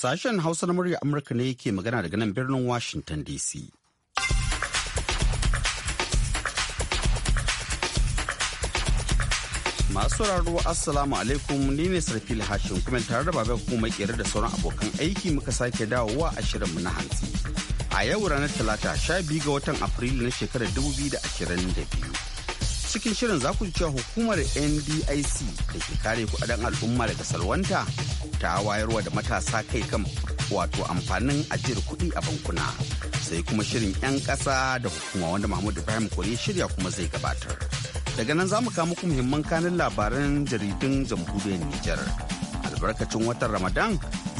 Sashen Hausa na murya Amurka ne yake magana daga nan birnin Washington DC. Masu raro Assalamu alaikum ni ne sarfi Hashim kuma tare da babai kuma kere da sauran abokan aiki muka sake dawowa a shirinmu na hantsi. A yau ranar Talata sha biyu ga watan Afrilu na shekarar da biyu. cikin shirin za ku ji cewa hukumar ndic da ke kare kudaden al'umma daga salwanta ta wayarwa da matasa kai kan wato amfanin ajiyar kuɗi a bankuna sai kuma shirin 'yan ƙasa da hukuma wanda mahmud ibrahim kore shirya kuma zai gabatar daga nan za mu kawo muku muhimman kanin labaran jaridun jamhuriyar nijar albarkacin watan ramadan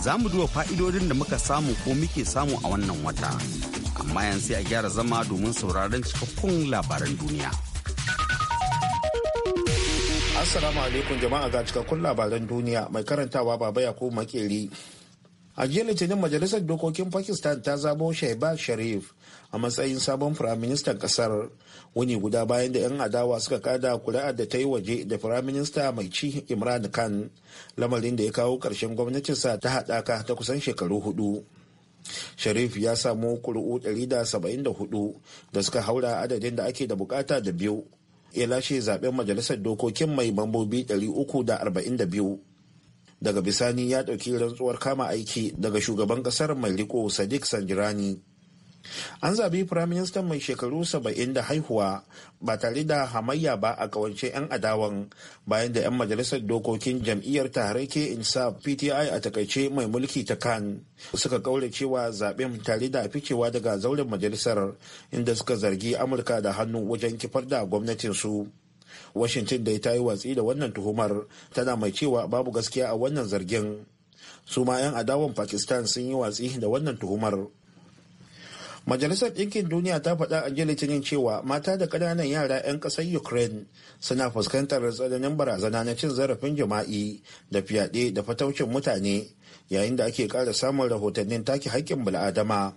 za mu duba fa'idodin da muka samu ko muke samu a wannan wata amma yanzu sai a gyara zama domin sauraron cikakkun labaran duniya. Assalamu alaikum jama'a ga cikakkun labaran duniya mai karantawa baba ya makeri. A jiya Litinin Majalisar Dokokin Pakistan ta zabo Shaiba Sharif a matsayin sabon firaministan kasar wuni guda bayan da 'yan adawa suka kada kuri'ar da ta yi waje da firaminista mai ci Imran Khan lamarin da ya kawo ƙarshen gwamnatinsa ta haɗaka ta kusan shekaru hudu. sharif ya samu kuri'u 174 da suka haura adadin da ake da bukata da biyu ya lashe zaben majalisar dokokin mai mambobi 342 daga bisani ya ɗauki rantsuwar kama aiki daga shugaban ƙasar mai riko sadiq sanjirani An zabi firaministan mai shekaru saba'in da haihuwa ba tare da hamayya ba a kawance 'yan adawan bayan da 'yan majalisar dokokin jam'iyyar in insaf pti a takaice mai mulki ta kan suka kaure cewa zaben tare da ficewa daga zauren majalisar inda suka zargi amurka da hannu wajen kifar da gwamnatinsu washington da ta yi watsi da wannan tuhumar tana mai cewa babu gaskiya a wannan zargin su ma 'yan adawan pakistan sun yi watsi da wannan tuhumar Majalisar Ɗinkin Duniya ta faɗa a litinin cewa mata da ƙananan yara 'yan ƙasar Ukraine suna fuskantar tsananin barazana na cin zarafin jima'i da fyaɗe da fataucin mutane yayin da ake ƙara samun rahotannin take haƙƙin bil'adama.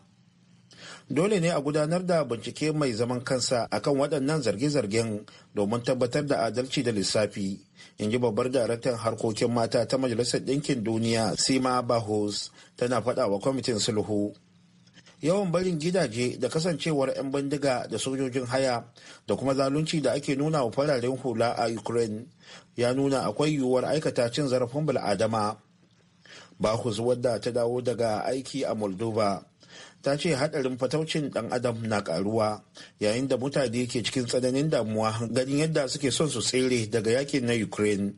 Dole ne a gudanar da bincike mai zaman kansa akan waɗannan zarge-zargen domin tabbatar da adalci da lissafi, in ji babbar daraktan harkokin mata ta Majalisar Ɗinkin Duniya Sima Bahos tana faɗa wa kwamitin sulhu. yawan barin gidaje da kasancewar 'yan bindiga da sojojin haya da kuma zalunci da ake nuna wa fararen hula a ukraine ya nuna akwai yiwuwar aikata cin zarafin bil'adama bakus wadda ta dawo daga aiki a moldova ta ce hadarin fataucin dan adam na karuwa yayin da mutane ke cikin tsananin damuwa ganin yadda suke son su tsere daga yakin na ukraine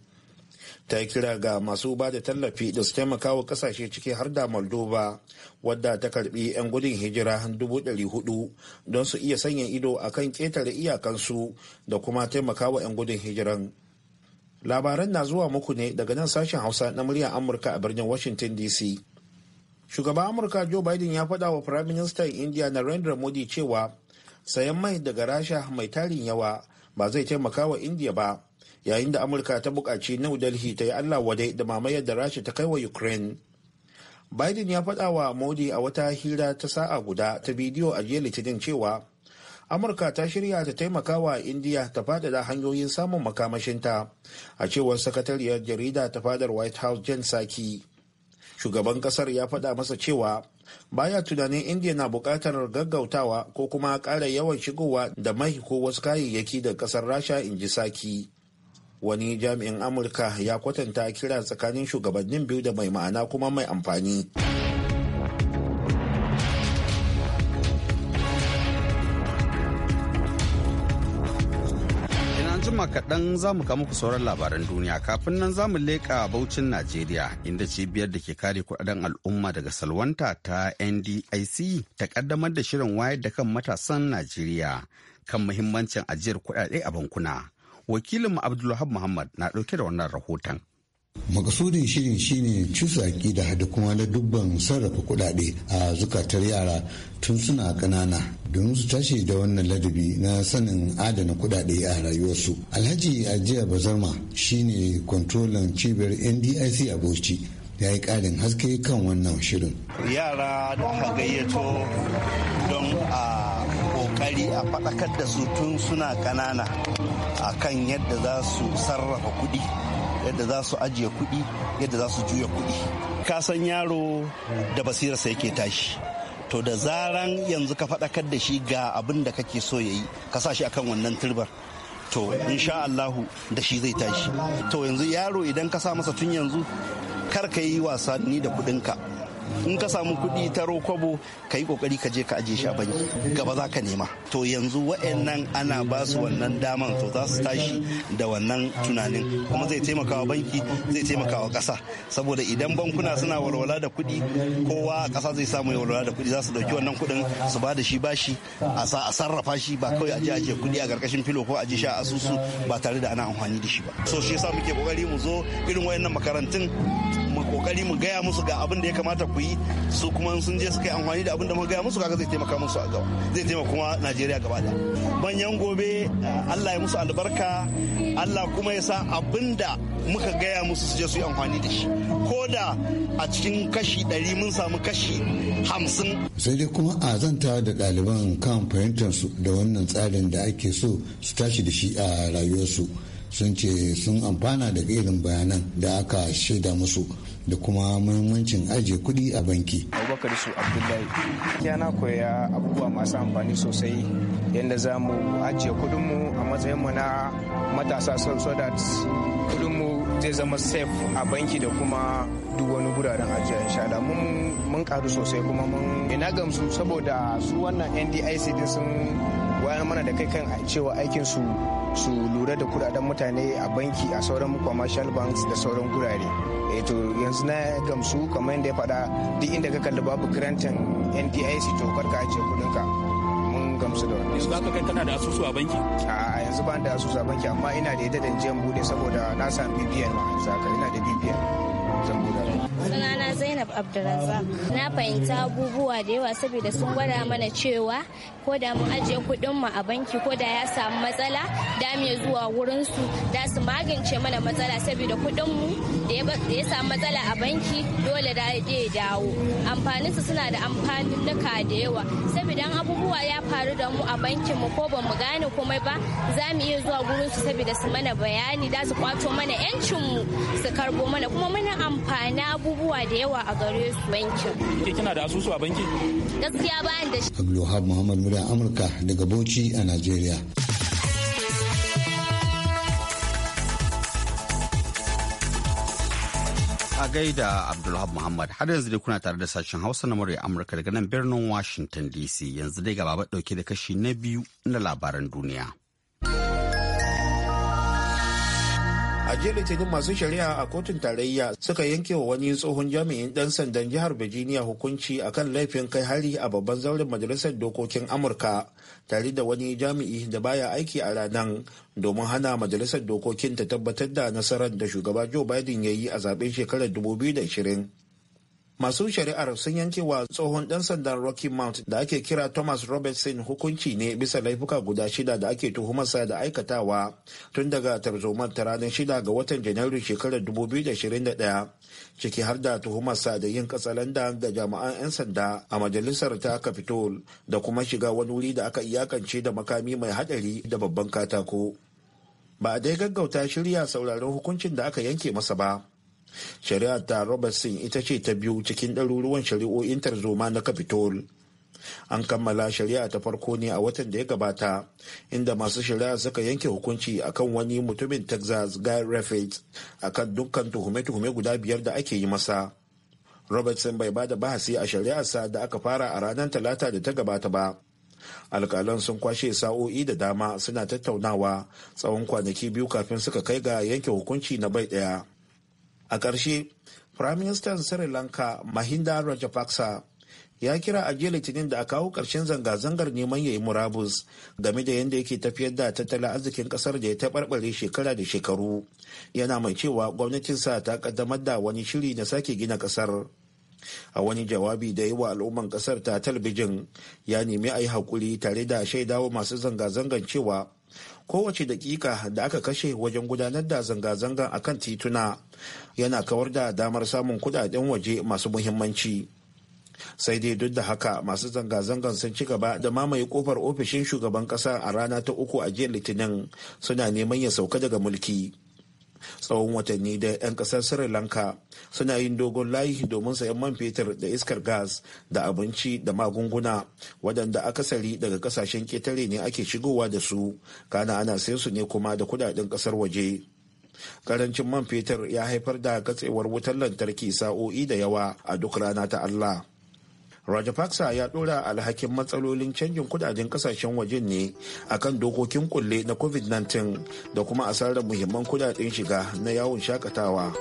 ta yi kira ga masu ba da tallafi da su taimaka wa kasashe ciki har da moldova wadda ta karbi 'yan gudun hijira 400 don su iya sanya ido a kan ketare iyakansu da kuma taimaka wa 'yan gudun hijiran labaran na zuwa muku ne daga nan sashen hausa na muryar amurka a birnin washington dc shugaban amurka joe biden ya faɗa wa firaministan india narendra modi cewa sayan mai daga rasha mai tarin yawa ba zai taimaka wa india ba yayin da amurka ta bukaci new delhi ta yi allah wadai da mamayar da rasha ta kai wa ukraine biden ya faɗa wa modi a wata hira ta sa'a guda ta bidiyo a jiya litinin cewa amurka ta shirya ta taimaka wa indiya ta faɗaɗa hanyoyin samun makamashinta a cewar sakatariyar jarida ta fadar white house jen saki shugaban kasar ya faɗa masa cewa baya tunanin indiya na buƙatar gaggautawa ko kuma ƙara yawan shigowa da mai ko wasu kayayyaki da ƙasar rasha in ji saki wani jami'in amurka ya kwatanta kira tsakanin shugabannin biyu da mai ma'ana kuma mai amfani jima kaɗan za mu kama ku sauran labaran duniya kafin nan za mu leƙa baucin najeriya inda cibiyar da ke kare kudaden al'umma daga salwanta ta ndic ta ƙaddamar da shirin wayar da kan matasan najeriya kan muhimmancin ajiyar kuɗaɗe a bankuna wakilinmu abdulwahab muhammad na ɗauke da wannan rahoton makasudin shirin shine cusaki da da kuma da dubban sarrafa kudade a zukatar yara tun suna ƙanana domin su tashi da wannan ladabi na sanin adana kudade a rayuwarsu alhaji ajiya bazarma shine kwantolan cibiyar ndic a bauchi ya yi ƙarin haske kan wannan shirin yara da gayyato kokari a faɗakar da su tun suna ƙanana a kan yadda za su sarrafa kuɗi yadda za su ajiye kuɗi yadda za su juya kuɗi ka san yaro da basirarsa yake tashi to da zaran yanzu ka faɗakar da shi ga abin da kake so ya yi ka sa shi akan wannan turbar to insha Allahu da shi zai tashi to yanzu yaro idan ka sa masa tun yanzu kar ka yi wasanni da kuɗinka in ka samu kuɗi ta kwabo ka yi kokari ka je ka ajiye shi a banki gaba za ka nema to yanzu wa'annan ana ba su wannan daman to za su tashi da wannan tunanin kuma zai taimaka wa banki zai taimaka wa ƙasa saboda idan bankuna suna walwala da kuɗi kowa a ƙasa zai samu walwala da kuɗi za su ɗauki wannan kuɗin su ba da shi bashi a sarrafa shi ba kawai a je kuɗi a ƙarƙashin filo ko a shi a asusu ba tare da ana amfani da shi ba so shi yasa muke kokari mu zo irin wayannan makarantun mu kokari mu gaya musu ga abin da ya kamata ku yi su kuma sun je suka yi amfani da abin da mu gaya musu kaga zai taimaka musu a gaba zai taimaka kuma Najeriya gaba da banyan gobe Allah ya musu albarka Allah kuma ya sa abin da muka gaya musu su je su yi amfani da shi ko da a cikin kashi ɗari mun samu kashi hamsin. sai dai kuma a zanta da ɗaliban kan fahimtarsu da wannan tsarin da ake so su tashi da shi a rayuwarsu sun ce sun amfana daga irin bayanan da aka shaida musu da kuma muhimmancin ajiye kuɗi a banki. Abubakar su Abdullahi ya na koya abubuwa masu amfani sosai yadda za mu ajiye kuɗinmu a matsayinmu na matasa so that kuɗinmu zai zama safe a banki da kuma duk wani guraren ajiya a Allah mun mun karu sosai kuma mun ina gamsu saboda su wannan NDIC din sun wayar mana da kai kan cewa aikin su su lura da kudaden mutane a banki a sauran commercial banks da sauran gurare eto eh, yanzu na gamsu kamar yadda ya faɗa duk inda ka kalli babu kirantin ndic to karka ajiye ka mun gamsu da wannan Yanzu kai kana da asusu a banki? A yanzu ba da asusu a banki amma ina da yadda dan jiyan bude saboda na sami BBN ma yanzu ina da BBN zan bude. Sunana Zainab Abdulrazak. Na fahimta abubuwa da yawa saboda sun gwada mana cewa ko da mu ajiye kuɗin mu a banki ko da ya samu matsala da mu zuwa wurin su da su magance mana matsala saboda kuɗin mu da ya samu matsala a banki dole da ya dawo. Amfanin su suna da amfanunuka da yawa saboda abubuwa ya faru da mu a bankin mu ko bamu gane komai ba za mu iya zuwa gurin su saboda su mana bayani da su kwato mana yancin mu su karbo mana kuma muna amfana abubuwa da yawa a a gare su bankin. Ke kina da asusu a banki? Gaskiya da shi. Amurka daga Bauchi a Najeriya. a gaida Abdulhab Muhammad har yanzu dai kuna tare da sashen Hausa na murya Amurka daga nan birnin Washington DC yanzu dai gaba ɗauke da kashi na biyu na labaran duniya. a jiya litinin masu shari'a a kotun tarayya suka yanke wa wani tsohon jami'in dan sandan jihar virginia hukunci akan laifin kai hari a babban zauren majalisar dokokin amurka tare da wani jami'i da baya aiki a ranar domin hana majalisar dokokin ta tabbatar da nasarar da shugaba joe biden ya yi a zaben shekarar 2020 masu shari'ar sun yanke wa tsohon dan sandan rocky mount da ake kira thomas robertson hukunci ne bisa laifuka guda shida da ake tuhumarsa da aikatawa tun daga tarzoma ta ranar shida ga watan janairu shekarar 2021 ciki har da tuhumarsa da yin katsalanda da jami'an 'yan sanda a majalisar ta capitol da kuma shiga wani wuri da aka iyakance da makami mai hadari da babban katako ba a dai gaggauta shirya sauraron hukuncin da aka yanke masa ba shari'ar ta robertson ita ce ta biyu cikin ɗaruruwan shari'o'in tarzoma na capitol an kammala shari'a ta farko ne a watan da ya gabata inda masu shari'a suka yanke hukunci akan wani mutumin texas guy raffet akan dukkan tuhume-tuhume guda biyar da ake yi masa robertson bai bada bahasi a shari'arsa da aka fara a ranar talata da ta gabata ba alkalan sun kwashe sa'o'i da dama suna tattaunawa tsawon kwanaki biyu kafin suka kai ga yanke hukunci na bai daya. a ƙarshe firaministan sri lanka mahinda rajapaksa ya kira a jiya litinin da a kawo ƙarshen zanga-zangar neman ya yi murabus game da yadda yake tafiyar da tattalin arzikin ƙasar da ya taɓarɓare shekara da shekaru yana mai cewa gwamnatinsa ta ƙaddamar da wani shiri na sake gina ƙasar a wani jawabi da yi wa al'umman ƙasar ta talbijin ya nemi a yi haƙuri tare da shaidawa masu zanga-zangar cewa kowace dakika da aka kashe wajen gudanar da zanga-zanga a kan tituna yana kawar da damar samun kudaden waje masu muhimmanci sai dai duk da haka masu zanga-zangan sun ci gaba da mamaye kofar ofishin shugaban kasa a rana ta uku a jiya litinin suna neman ya sauka daga mulki tsawon watanni da 'yan kasar sri lanka suna yin dogon layi domin sayan man fetur da iskar gas da abinci da magunguna waɗanda akasari daga kasashen ƙetare ne ake shigowa da su kana ana sayan su ne kuma da kudaden kasar waje karancin man fetur ya haifar da katsewar wutar lantarki sa'o'i da yawa a duk rana ta allah Rajapaksa ya dora alhakin matsalolin canjin kudaden kasashen waje ne akan dokokin kulle na COVID-19 da kuma asarar muhimman kudaden shiga na yawon shakatawa.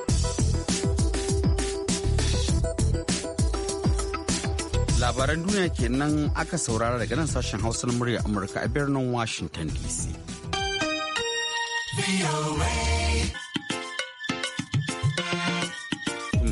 Labaran duniya kenan aka saurara daga nan sashen Hausa na murya Amurka a birnin Washington DC.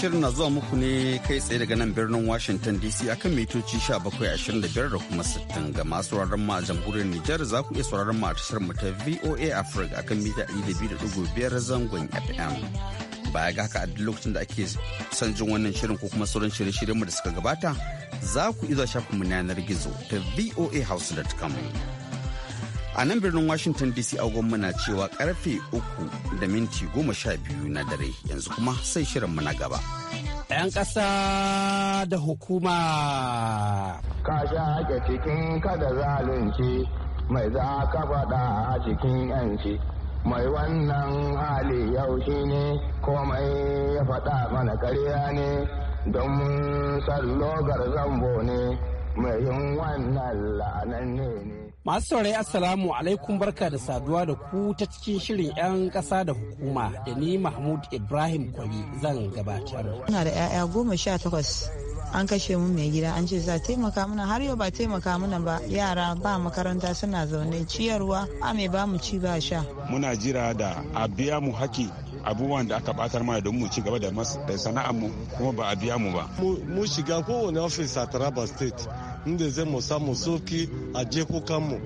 shirin na zuwa muku ne kai tsaye daga nan birnin Washington DC akan mitoci 1725 da kuma 60 ga masu sauraron ma a jamhuriyar Nijar za ku iya sauraron mu a tashar mu ta VOA Africa akan mita 200.5 zangon FM. Baya ga haka a duk lokacin da ake son jin wannan shirin ko kuma sauran shirye-shiryen da suka gabata za ku iya shafin mu na yanar gizo ta voahouse.com. a nan birnin washington dc agon na cewa karfe uku da minti goma sha biyu na dare yanzu kuma sai shirinmu na gaba 'yan ƙasa da hukuma ka sha ake cikin kada zalunci mai za ka faɗa a cikin 'yanci mai wannan hali yau shi ne komai ya faɗa mana karya ne don sallogar zambo ne mai yin wannan la'anan ne Masu saurayi Assalamu alaikum barka da saduwa da ku ta cikin shirin 'yan ƙasa da hukuma da ni Mahmud Ibrahim Kwali zan gabatar. Muna da 'ya'ya goma sha takwas an kashe mu mai gida an ce za taimaka mana har yau ba taimaka mana ba yara ba makaranta suna zaune ciyarwa a mai ba mu ci ba sha. Muna jira da a biya mu haki abubuwan da aka batar mana don mu ci gaba da sana'ar mu kuma ba a biya mu ba mu shiga kowane ofis a taraba state inda zai mu samu soki a jekukanmu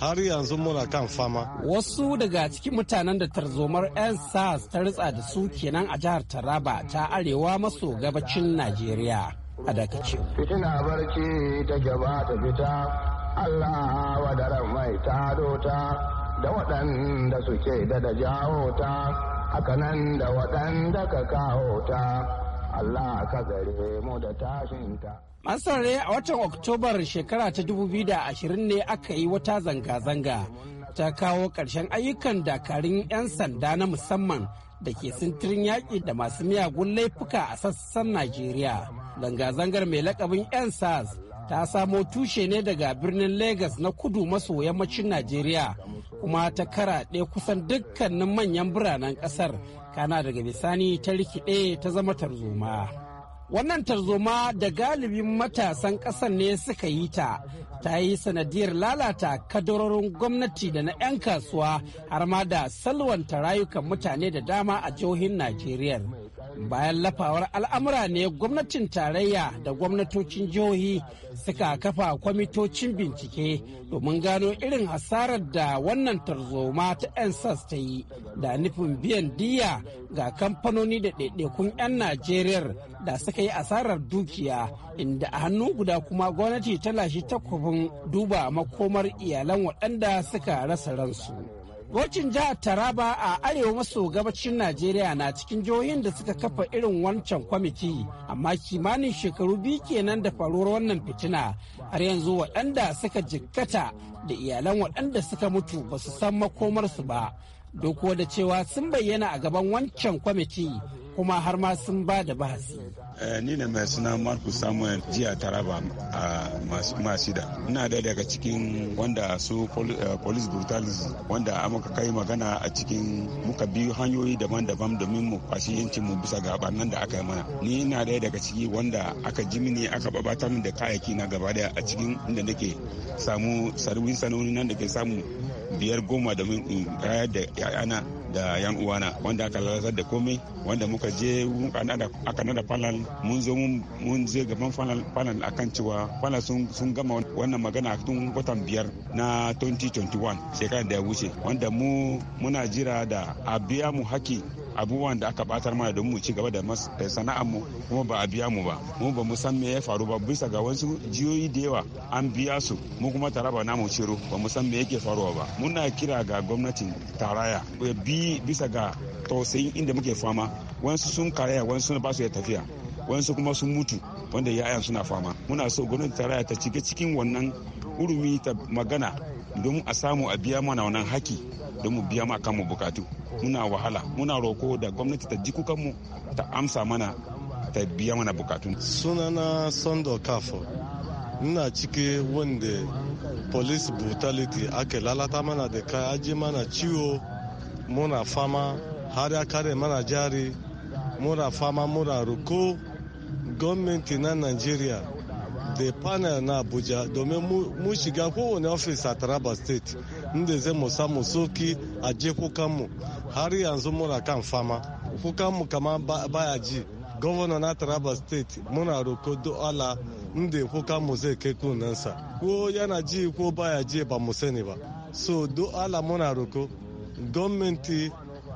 har yanzu muna kan fama. Wasu daga cikin mutanen da tarzomar 'yan SARS ta ritsa da su kenan a jihar Taraba ta arewa maso gabacin Najeriya a dakace. Fitina barci ta gaba ta fita, Allah wadaran mai ta da waɗanda suke da da jawo ta. haka nan da waɗanda ka kawo ta Allah ka gare mu da tashinta. Masarare a watan Oktobar shekara ta 2020 ne aka yi wata zanga-zanga ta kawo ƙarshen ayyukan dakarun 'yan sanda na musamman da ke sintirin yaƙi da masu miyagun laifuka a sassan Najeriya. Zanga-zangar mai lakabin 'yan SARS ta samo tushe ne daga birnin Legas na kudu maso yammacin Najeriya. kuma ta karaɗe kusan dukkanin manyan biranen ƙasar kana daga bisani ta rikide ta zama tarzoma wannan tarzoma da galibin matasan ƙasar ne suka yi ta ta yi sanadiyar lalata kadarorin gwamnati da na 'yan kasuwa har ma da salwanta rayukan mutane da dama a jihohin najeriya bayan lafawar al'amura ne gwamnatin tarayya da gwamnatocin jihohi suka kafa kwamitocin bincike domin gano irin hasarar da wannan tarzoma ta 'yan sas ta yi da nufin biyan diya ga kamfanoni da ɗaiɗaikun 'yan najeriya da suka yi asarar dukiya inda a hannu guda kuma gwamnati ta lashe takwabin duba makomar iyalan waɗanda suka rasa ransu. Gocin jihar Taraba a arewa maso gabacin Najeriya na cikin jihohin da suka kafa irin wancan kwamiti, amma kimanin shekaru biyu kenan da faruwar wannan fitina. Har yanzu waɗanda suka jikkata da iyalan waɗanda suka mutu ba su san makomarsu ba. Doko da cewa sun bayyana a gaban wancan kwamiti kuma har ma sun ba da bahasi. Eh, ni ne mai suna marcus samuel jiya taraba a masida ina da daga cikin wanda su eh, police brutalism wanda amurka kai magana a cikin muka biyu hanyoyi daban-daban domin mu kwashi yancin mu bisa ga nan da aka yi mana ni ina da daga ciki wanda aka ji mini aka babata min da kayayyaki na gaba daya a cikin inda nake samu sarwin sanoni nan da ke samu biyar goma domin in rayar da 'ya'yana da yan uwana wanda aka lalatar da komai wanda muka je aka nada falal mun zo mun je gaban falal akan cewa panel sun gama wannan magana tun watan biyar na 2021 shekarar da ya wuce wanda mu muna jira da a biya mu haki abubuwan da aka batar mana don mu ci gaba da sana'ar mu kuma ba a biya mu ba mu ba mu san me ya faru ba bisa ga wasu jiyoyi da yawa an biya su mu kuma taraba namu ciro ba mu san me yake faruwa ba muna kira ga gwamnatin taraya bi bisa ga tausayin inda muke fama wasu sun karaya wasu ba su ya tafiya wasu kuma sun mutu wanda ya'yan suna fama muna so gwamnati taraya ta cike cikin wannan urumi ta magana don a samu a biya mana wannan haki don mu biya ma mu bukatu muna wahala muna roko da gwamnati ta ji mu ta amsa mana ta biya mana bukatu sunana sando kafo ina cike wanda police brutality ake lalata mana da kayaji mana ciwo muna fama har ya kare mana jari muna fama muna roko gwamnati na nigeria de panel na abuja domin mu shiga kowane ofis a taraba state inda zai mu samu soki a je kukanmu har yanzu muna kan fama kukanmu kama baya ji na taraba state muna roko ala inda kukanmu zai kai kunansa ko yana ji ko baya ji ba mu sani ba so ala muna roko gwamnati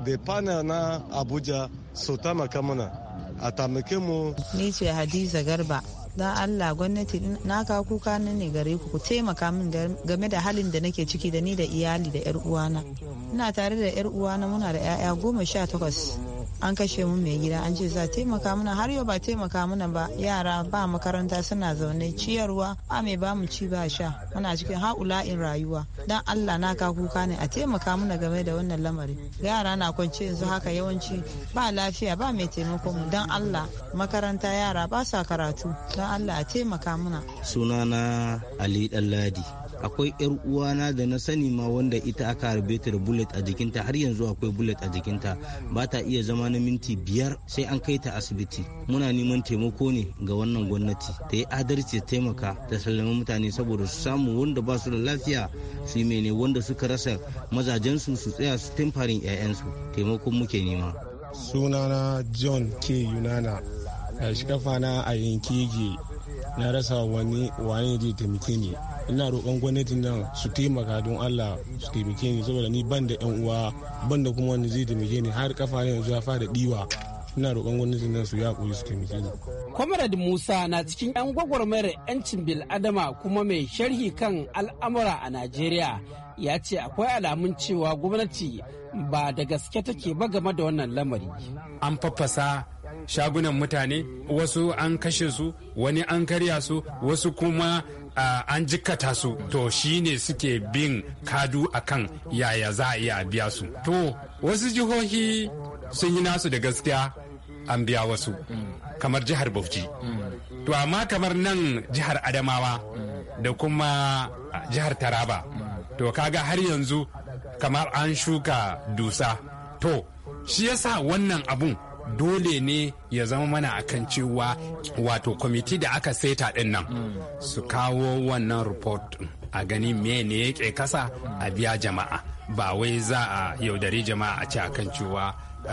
da panel na abuja su taimaka muna a tamake mu ni ce hadiza garba dan allah gwamnati na ka kuka na ne gare ku ku taimaka min game da halin da nake ciki da ni da iyali da yar uwana ina tare da yar uwana muna da 'ya'ya goma sha takwas an kashe mu mai gida an ce za taimaka mana har yau ba taimaka mana ba yara ba makaranta suna zaune ciyarwa ba mai ba mu ci ba sha muna cikin ha'ula'in rayuwa dan Allah na ka kuka ne a taimaka mana game da wannan lamari yara na kwance yanzu haka yawanci ba lafiya ba mai taimako mu dan Allah makaranta yara ba sa karatu dan Allah a taimaka mana sunana Ali ɗanladi. akwai yar uwana da na sani ma wanda ita aka harbe ta da bullet a jikinta har yanzu akwai bullet a jikinta ba ta iya zama na minti biyar sai an kai ta asibiti muna neman taimako ne ga wannan gwamnati ta yi adalci ta taimaka ta sallama mutane saboda su samu wanda ba su da lafiya su yi mene wanda suka rasa mazajensu su tsaya su tamfarin 'ya'yansu taimakon muke nema sunana john k yunana a shi na a yankin na rasa wani wani da taimake ni ina roƙon gwamnatin nan su taimaka don allah su taimake ni saboda ni ban da yan uwa ban da kuma wani zai taimake ni har kafa yanzu ya fara diwa ina roƙon gwamnatin nan su ya koyi su taimake ni. Comrade Musa na cikin 'yan gwagwarmayar 'yancin adama kuma mai sharhi kan al'amura a Najeriya ya ce akwai alamun cewa gwamnati ba da gaske take ba game da wannan lamari. An faffasa shagunan mutane wasu an kashe su wani an karya su wasu kuma an jikata su to shi ne suke bin kadu a kan yaya za a iya biya su to wasu jihohi sun yi nasu da gaskiya an biya wasu kamar jihar bauchi to amma kamar nan jihar adamawa da kuma jihar taraba to kaga har yanzu kamar an shuka dusa to shi yasa wannan abun dole ne ya zama mana akan cewa wato kwamiti da aka seta din nan su kawo wannan report a gani mene yake kasa a biya jama'a ba wai za a yaudari jama'a a ce akan cewa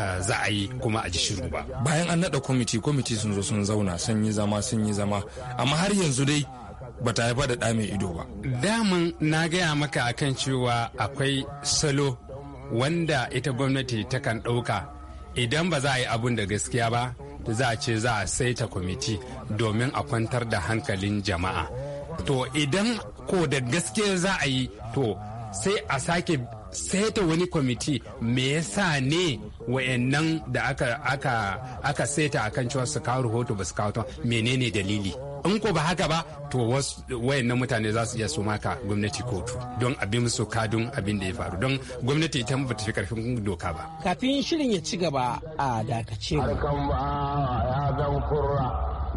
eh, za a yi kuma a ji shiru ba. Bayan an naɗa kwamiti, kwamiti sun zo sun zauna sun yi zama sun yi zama, amma har yanzu dai ba ta haifar da ɗa mai ido ba. Daman na gaya maka akan cewa akwai salo wanda ita gwamnati takan ɗauka idan ba za a yi abun da gaskiya ba za a ce za a saita kwamiti domin a kwantar da hankalin jama'a to idan ko da gaske za a yi to sai a sake saita wani kwamiti me yasa ne wayannan da aka aka aka saita akan cewa su kawo rahoto ba su kawo menene dalili in ko ba haka ba to wayannan mutane za su iya su maka gwamnati kotu don abin su kadun abin da ya faru don gwamnati ta ba ta fi karfin doka ba kafin shirin ya ci gaba a dakace ya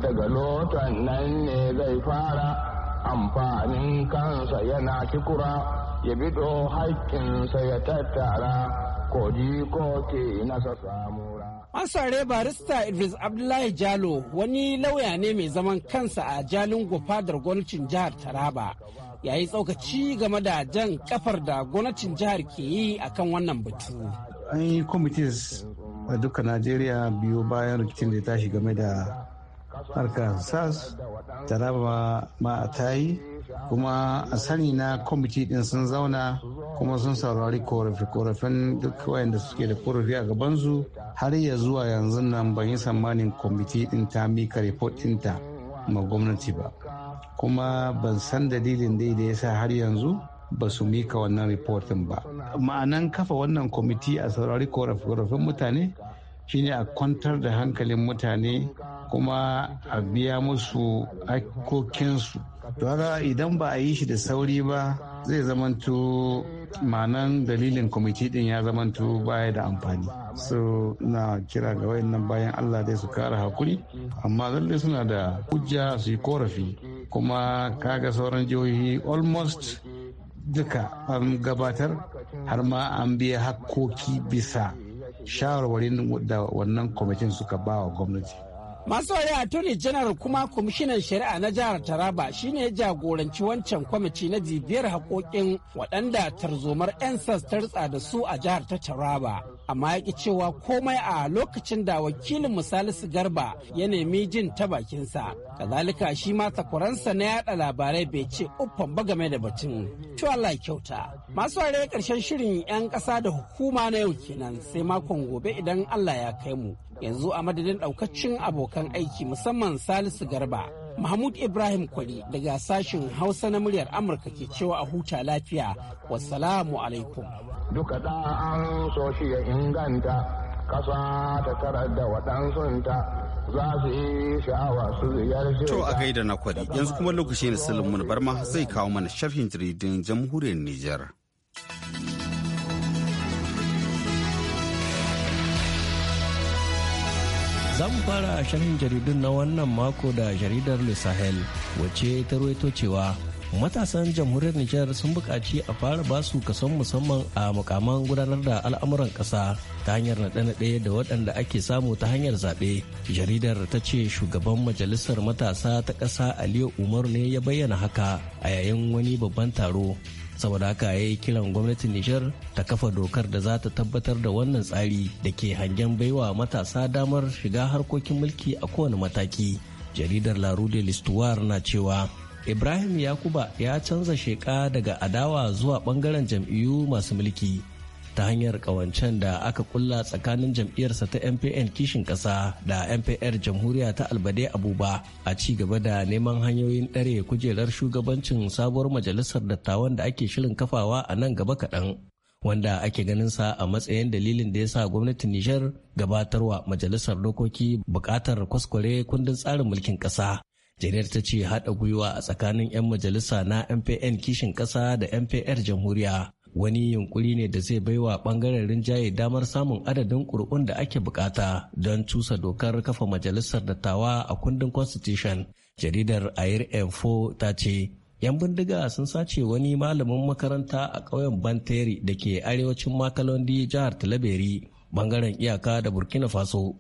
daga lotan nan ne zai fara amfanin kansa yana kikura ya bido haƙƙinsa ya tattara ko ji ko ke nasa samu An sare barista Idris Abdullahi Jalo wani lauya ne mai zaman kansa a jalin fadar gwamnatin jihar Taraba. Yayi tsaukaci game da jan kafar da gwamnatin jihar ke yi akan wannan batu. An yi committees a duka Najeriya biyu bayan rikicin da ya tashi game da harkar SARS, Taraba ma a ta yi. kuma a sani na kwamiti din sun zauna kuma sun saurari korafe-korafen duk wayanda suke da korafi a gabansu har ya zuwa yanzu nan ban yi tsammanin kwamiti din ta mika report ɗinta ma gwamnati ba kuma ban san dalilin dai da ya sa har yanzu ba su mika wannan reportin ba ma'anan kafa wannan kwamiti a saurari korafe-korafen mutane shine a kwantar da hankalin mutane kuma a biya musu hakokinsu to idan ba a yi shi da sauri ba zai zamanto manan dalilin kwamiti din ya zamanto baya da amfani so na kira ga wayannan bayan allah dai su kara hakuri amma lallai suna da hujja su yi korafi kuma kaga sauran jihohi almost duka an gabatar har ma an biya hakkoki bisa shawarwarin da wannan kwamitin suka ba wa gwamnati masu a attorney general kuma kwamishinan shari'a na jihar taraba shine ya jagoranci wancan kwamiti na bibiyar haƙoƙin waɗanda tarzomar 'yan ta da su a jihar ta taraba amma ya ki cewa komai a lokacin da wakilin misalisu garba ya nemi jin ta bakinsa kazalika shi ma takwaransa na yada labarai bai ce uffan ba game da batun to Allah kyauta masu ware karshen shirin yan ƙasa da hukuma na yau kenan sai makon gobe idan Allah ya kai mu yanzu a madadin ɗaukacin abokan abokan aiki musamman Salisu Garba. Mahmud Ibrahim Kwari daga sashen Hausa na muryar Amurka ke cewa a huta lafiya. wasalamu alaikum. Duka da an so shi ya inganta, kasa ta tarar da waɗansunta. Za su yi sha'awa su ziyarci. To a gaida na kwali yanzu kuma lokaci ne bar Barma zai kawo mana shafin jaridin jamhuriyar Nijar. Zan fara shirin jaridun na wannan mako da jaridar Le Sahel wacce ta ruwaito cewa matasan jamhuriyar Nijar sun buƙaci a fara basu kason musamman a mukaman gudanar da al'amuran ƙasa ta hanyar naɗe-naɗe da waɗanda ake samu ta hanyar zaɓe. Jaridar ta ce shugaban majalisar matasa ta ƙasa Aliyu Umaru ne ya bayyana haka a yayin wani babban taro saboda haka ya yi kiran gwamnatin nijar ta kafa dokar da za ta tabbatar da wannan tsari da ke hangen baiwa matasa damar shiga harkokin mulki a kowane mataki jaridar larude listuwar na cewa ibrahim yakuba ya canza sheka daga adawa zuwa bangaren jam'iyyu masu mulki ta hanyar kawancen da aka kulla tsakanin jam'iyyarsa ta mpn kishin ƙasa da mpr jamhuriya ta albade abuba a ci gaba da neman hanyoyin ɗare kujerar shugabancin sabuwar majalisar dattawan da ake shirin kafawa a nan gaba kaɗan wanda ake ganin sa a matsayin dalilin da ya sa gwamnatin Nijar gabatarwa majalisar dokoki bukatar kwaskware kundin tsarin mulkin ƙasa. janar ta ce haɗa gwiwa a tsakanin 'yan majalisa na MPN kishin ƙasa da MPR jamhuriya wani yunkuri ne da zai baiwa bangaren rinjaye damar samun adadin ƙuri'un da ake bukata don cusa dokar kafa majalisar dattawa a kundin constitution jaridar air info ta ce yan bindiga sun sace wani malamin makaranta a ƙauyen banteri da ke arewacin makalondi jihar talaberi bangaren iyaka da burkina faso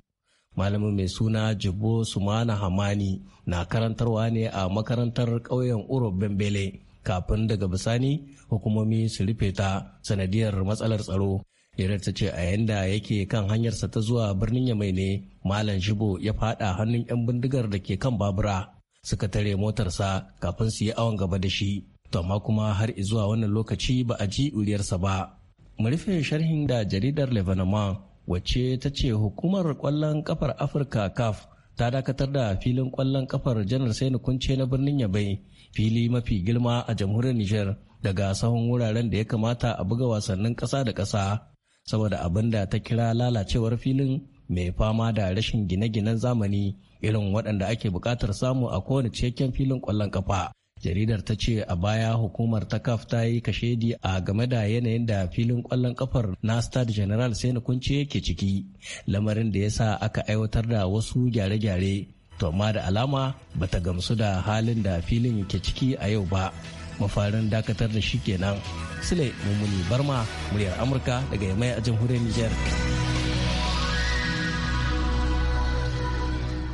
malamin mai suna jibo sumana hamani na karantarwa ne a makarantar ƙauyen uro bembele kafin daga bisani hukumomi su rufe ta sanadiyar matsalar tsaro yadda ta ce a yanda yake kan hanyarsa ta zuwa birnin Yamai ne Malam Shibo ya fada hannun 'yan bindigar da ke kan babura suka tare motarsa kafin su yi awon gaba da shi. To amma kuma har zuwa wannan lokaci ba a ji uriyarsa ba. Mu rufe sharhin da jaridar Lebanon wacce ta ce hukumar kwallon kafar Afirka CAF ta dakatar da filin kwallon kafar janar sai kunce na birnin Yabai fili mafi girma a jamhuriyar Nijar daga sahun wuraren da ya kamata a buga wasannin ƙasa da ƙasa saboda abin da ta kira lalacewar filin mai fama da rashin gine-ginen zamani irin waɗanda ake buƙatar samu a kowane cikakken filin ƙwallon ƙafa. jaridar ta ce a baya hukumar ta kaf ta yi kashedi a game da yanayin da filin ƙwallon kafar na stade general sai na kunce ke ciki lamarin da ya sa aka aiwatar da wasu gyare-gyare to amma da alama bata gamsu da halin da filin ke ciki a yau ba mafarin dakatar da shi kenan sule mummuni barma muryar amurka daga yamai a jamhuriyar niger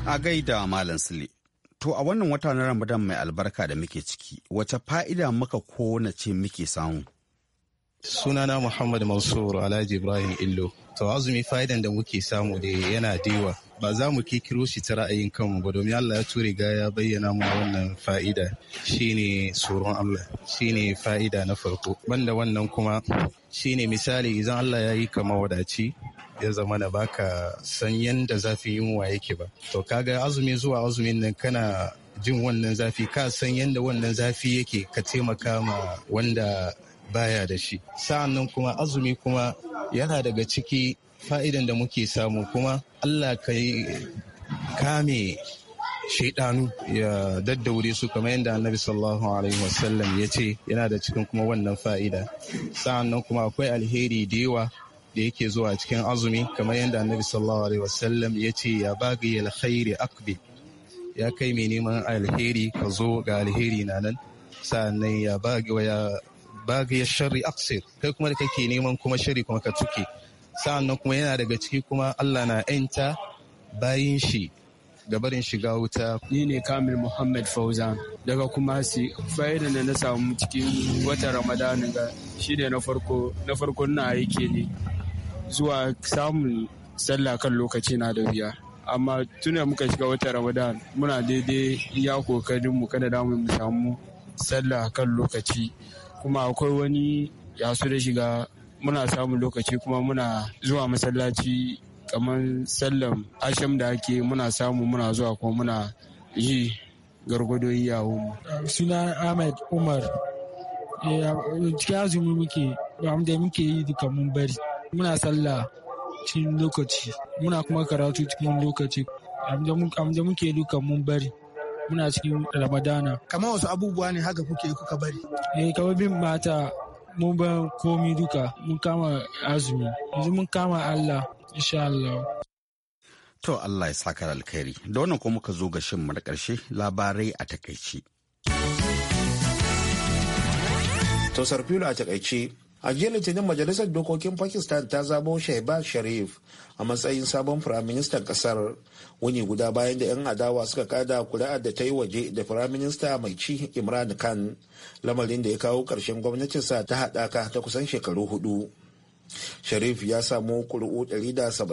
a gaida malam sule to a wannan wata na ramadan mai albarka da muke ciki wace fa'ida muka kona ce muke samu sunana muhammad mansur alhaji ibrahim illo to azumi fa'idan da muke samu da yana dewa ba za mu kikiro shi ta ra'ayin kanmu ba domin Allah ya ture ga ya bayyana mu wannan fa'ida shine tsoron Allah shine fa'ida na farko banda wannan kuma shine misali idan Allah ya yi kama wadaci ya zama na baka san yanda zafin yunwa yake ba to kaga azumi zuwa azumin nan kana jin wannan zafi ka san yanda wannan zafi yake ka taimaka ma wanda baya da shi sa'an nan kuma azumi kuma yana daga ciki fa'idan da muke samu kuma Allah ka yi kame shaidanu ya daddaure su kamar yadda annabi sallallahu alaihi wasallam ya ce yana da cikin kuma wannan fa'ida sa'annan kuma akwai alheri da yawa da yake zuwa cikin azumi kamar yadda annabi sallallahu alaihi wasallam ya ce ya bagi alkhairi akbi ya kai mai neman alheri ka zo ga alheri na nan sa'annan ya bagi ya bagi ya sharri aksir kai kuma da kake neman kuma shari kuma ka tuke sa'an nan kuma yana daga ciki kuma Allah na ‘yanta bayin shi barin shiga wuta. Ni ne Kamil Muhammad Fauzan daga kuma si fa'idan da na samu cikin wata Ramadan ga shi ne na farko na farko na aiki ne zuwa samun sallah kan lokaci na da wuya. Amma tuna muka shiga wata Ramadan muna daidai iya kokarin mu kada damu mu samu sallah kan lokaci. Kuma akwai wani yasu da shiga muna samun lokaci kuma muna zuwa masallaci kamar sallan asham da ake muna samu muna zuwa kuma muna yi gargwado yawo suna ahmed umar cikin azumi muke da muke yi duka mun bari muna sallah cikin lokaci muna kuma karatu cikin lokaci da muke duka mun bari muna cikin ramadana kamar wasu abubuwa ne haka kuke kuka bari eh kamar bin mata mun bar komi duka mun kama azumi yanzu mun kama Allah insha Allah to Allah ya saka alkhairi da wannan ko muka zo ga shin mu na karshe labarai a takaici to sarfilo a takaici a jiya litinin majalisar dokokin pakistan ta zabo shaiba sharif a matsayin sabon firaministan kasar wani guda bayan da 'yan adawa suka kada kula da ta yi waje da firaminista mai ci imran khan lamarin da ya kawo ƙarshen gwamnatinsa ta haɗaka ta kusan shekaru hudu sharif ya samu kuri'u 174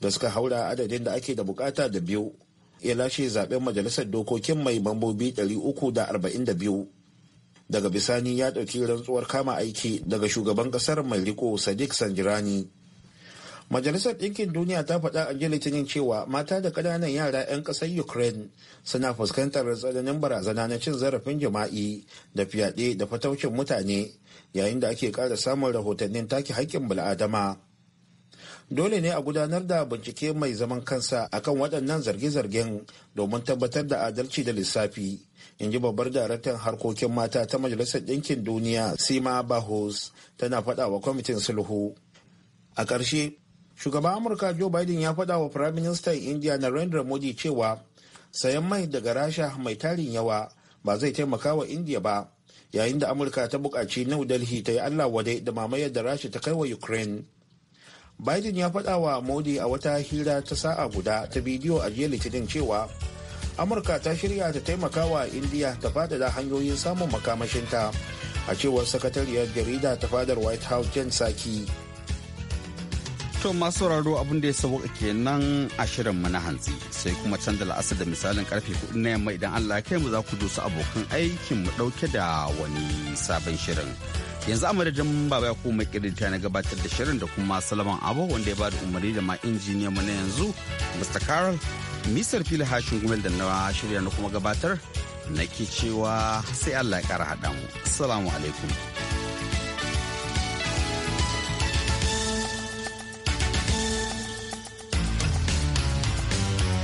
da suka haura adadin da ake da bukata da biyu ya lashe zaben majalisar dokokin mai mambobi 342 daga bisani ya ɗauki rantsuwar kama aiki daga shugaban ƙasar mai riko sadiq sanjirani majalisar ɗinkin duniya ta faɗa a litinin cewa mata da ƙananan yara 'yan ƙasar ukraine suna fuskantar tsananin barazana na cin zarafin jima'i da fyaɗe da fataucin mutane yayin da ake ƙara samun rahotannin take haƙƙin bil'adama dole ne a gudanar da bincike mai zaman kansa akan waɗannan zarge-zargen domin tabbatar da adalci da lissafi in ji babbar daraktan harkokin mata ta majalisar ɗinkin duniya sima bahos tana faɗa wa kwamitin sulhu a ƙarshe shugaban amurka joe biden ya faɗa wa firaministan india narendra modi cewa sayan mai daga rasha mai tarin yawa ba zai taimaka wa india ba yayin da amurka ta buƙaci new delhi ta yi allah wadai da mamayar da rasha ta kai wa ukraine biden ya faɗa wa modi a wata hira ta sa'a guda ta bidiyo a jiya litinin cewa amurka ta shirya ta taimaka wa indiya ta faɗaɗa hanyoyin samun makamashinta a cewar sakatariyar jarida ta fadar white house jen saki to masu sauraro abin da ya sauka kenan a shirin mu na hantsi sai kuma canza la'asar da misalin karfe kuɗi na yamma idan allah ya kai mu za ku dosa abokan aikin mu ɗauke da wani sabon shirin. yanzu a madadin baba ya kuma ta na gabatar da shirin da kuma salaman abu wanda ya bada umarni da ma injiniya mu na yanzu mr carl misar fili hashin gumel da na shirya na kuma gabatar na ke cewa sai allah ya kara haɗa mu assalamu alaikum